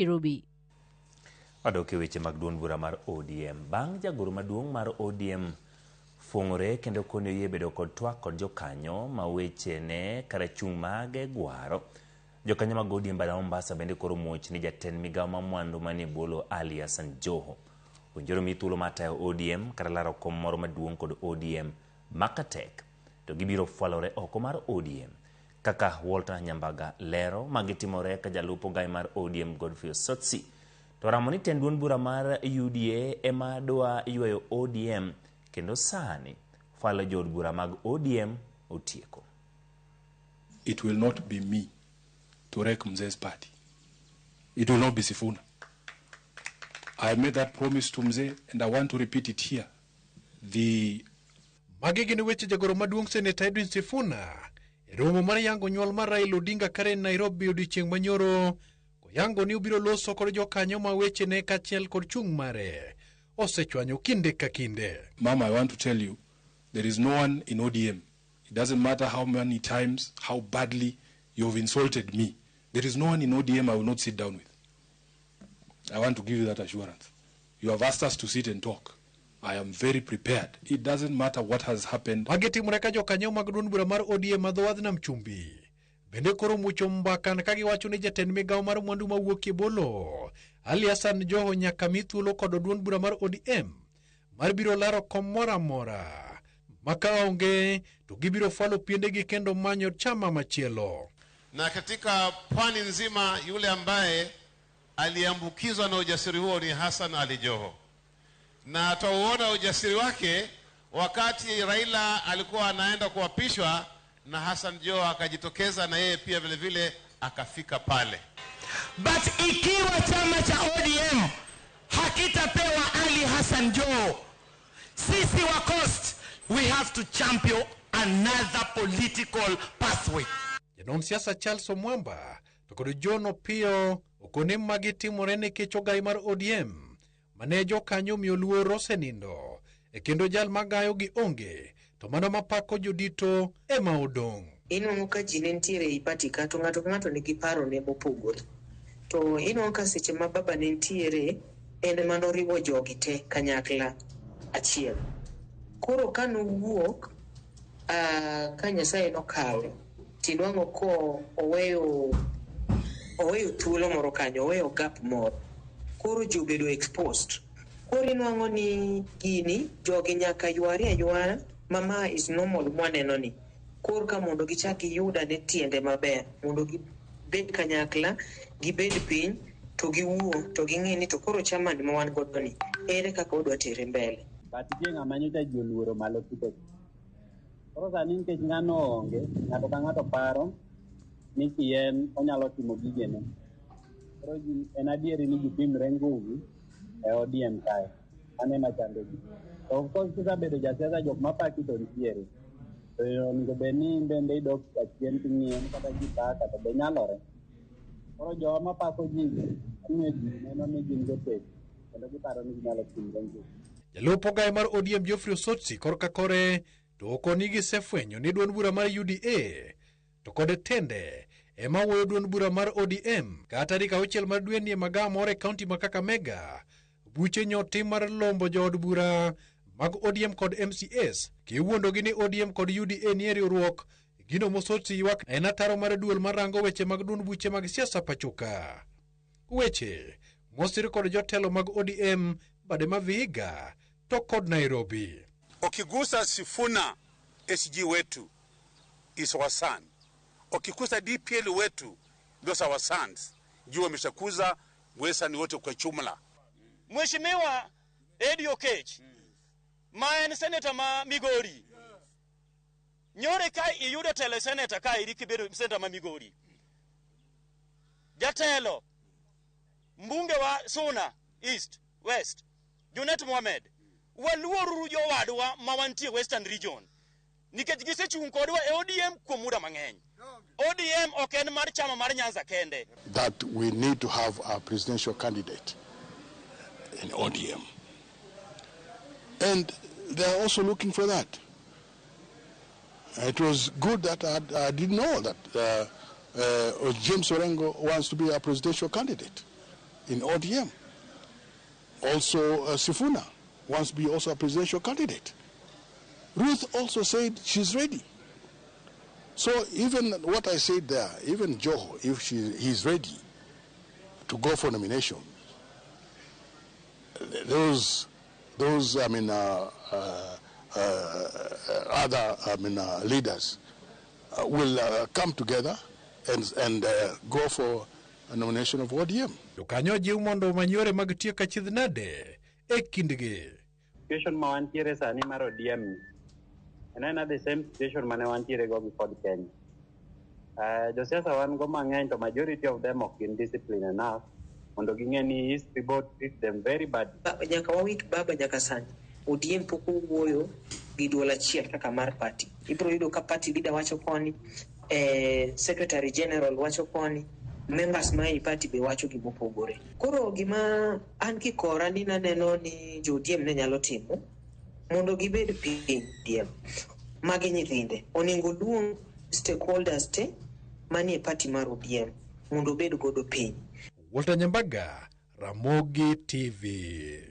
Irubi. Wadok e weche mag duond bura mar ODM. Bang' jagoro maduong' mar ODM fuong'ore kendo koni oyie bedo kod twak kod jokanyo ma wechene kata chung' mage gwaro, jokanyo mag ODM bada Mombasa bende koro muoch ni jatend migao ma mwandu manie bolo Ali Hassan Joho. Onjoro mi thuolo mar tayo ODM kata laro kom moro maduong' kod ODM Makatek to gibiro fwalore oko mar ODM. kaka Walter Nyambaga lero magitimore ka jalupo gai mar ODM Godfrey Sotsi. to ramo ni tend duond bura mar UDA ema dwa ywayo ODM kendo sani falo jood bura mag ODM otieko. It will not be me to wreck Mzee's party. It will not be Sifuna. I made that promise to Mzee and I want to repeat it here. The... Magi gin weche jagoro maduong' seneta Edwin Sifuna yango mar Raila Odinga Karen Nairobi manyoro koyango ni obiro loso kod jokanyo ma kod chung' mare osechwanyo kinde ka kinde. Mama, I want to tell you, there is no one in ODM. It doesn't matter how many times, how badly you have insulted me. There is no one in ODM I will not sit down with. I want to give you that assurance. You have asked us to sit and talk. I am very prepared. It doesn't matter what has happened. Wageti mreka jokanyo mag duond bura mar ODM madhowadh na chumbi bende koro mucho mbakan ka giwacho ni jatend migawo mar mwandu mawuok e bolo Ali Hassan Joho nyaka mi thuolo kod duond bura mar ODM mar biro laro kom mora amora ma onge to gibiro fwalo piendegi kendo manyo chama machielo. Na katika pwani nzima, yule ambaye aliambukizwa na ujasiri huo ni Hassan Ali Joho na atauona ujasiri wake wakati Raila alikuwa anaenda kuapishwa na Hassan Joho akajitokeza na yeye pia vile vile akafika pale. But ikiwa chama cha ODM hakitapewa Ali Hassan Joho, sisi wa Coast we have to champion another political pathway. Jano msiasa Charles Omwamba to kod John Opiyo magiti magi timore nikech ogai mar ODM mane jokanyo miyo luor osenindo e kendo jal magayo gi onge to mano mapako jodito ema odong inuongo ka ji ne nitiere i pati ka to ng'ato ka ng'ato nigi paro ne mopogore to inuongo ka seche ma baba ne nitiere en manoriwo jogi te kanyakla achiel koro ka nowuok uh, ka nyasaye nokawe tinuang'o ko oweyo oweyo thuolo moro kanyo oweyo gap moro koro ji obedo exposed koro inuang'o ni gini jogi nyaka yware aywara mama is normal mwaneno ni koro ka mondo gichak giyuda ne tiende maber mondo gibed kanyakla gibed piny to giwuo to ging'e ni to koro chaman ma wan godo ni ere kaka odwa tere mbele koro sani nikech ng'ano onge ng'ato ka ng'ato paro ni kien onyalo timo gigene koro en adieri ni gipimre nguvu e odm kae anema chandogi to ofcourse kisabedo jasiasa jok mapaki to nitiere to onego bed ni bende idok achien king'ieni kata ji paka to be nyalore koro jowa mapako ji ime ji neno ni gin jotech kendo giparo ni ginyalo pimre nguvu jalupo gaye mar odm geoffrey osotsi korka kore to okoni gisefwenyo ni duond bura mar uda to kod tende ema wuoyo duond bura mar ODM ka tarik auchiel mar dwe ni e magawa moro e kaunti ma Kakamega. Buche nyo tim mar lombo jood bura mag ODM kod MCS kiwuondogi ni ODM kod UDA ni e riwruok gino mosochi ywak en ataro mar duol marango weche mag duond buche mag siasa pachuka. Weche mosir kod jotelo mag ODM bade ma Vihiga to kod Nairobi. Okigusa Sifuna SG wetu iswasani. Ukikuza DPL wetu those our sons, jua ameshakuza wesani wote kwa chumla. Mheshimiwa Ed Okech ma en senator ma Migori, nyore ka iyudo telo seneta ka iri kibedo senator ma Migori, jatelo mbunge wa Suna East West Junet Mohamed, waluoruru jowadwa ma wantie Western Region nikech gisechung' kodwa e ODM kuom muda mang'eny. ODM ok en mar chama mar Nyanza kende. That we need to have a presidential candidate in ODM. And they are also looking for that. It was good that I, I didn't know that uh, uh, James Orengo wants to be a presidential candidate in ODM. Also, uh, Sifuna wants to be also a presidential candidate. Ruth also said she's ready. So even what I said there, even Joe, if she, he's ready to go for nomination, those, those I mean, uh, uh, uh, uh other I mean, uh, leaders uh, will come together and, and go for a nomination of ODM. Jokanyo jiw mondo omany yore mag tieko achiedh nade e kindgi. Situation ma wantiere sani maro D.M. and then at the same situation mane wantiere before the Kenya. Uh, josiasa wan go mang'eny to majority of them ok gin discipline enough mondo ging'e ni his people treat them very bad nyaka wawit baba nyaka sani odiem pok owuoyo gi duol achiel kaka mar party ibiro yudo ka party leader wacho koni eh, secretary general wacho koni members ma ei party be wacho gimopogore koro gima an kikora ni naneno ni jodiem odiem ne nyalo timo mondo gibed piny diel magi nyithinde onego duong stakeholders te manie pati mar odiem mondo obed godo piny walter nyambaga ramogi tv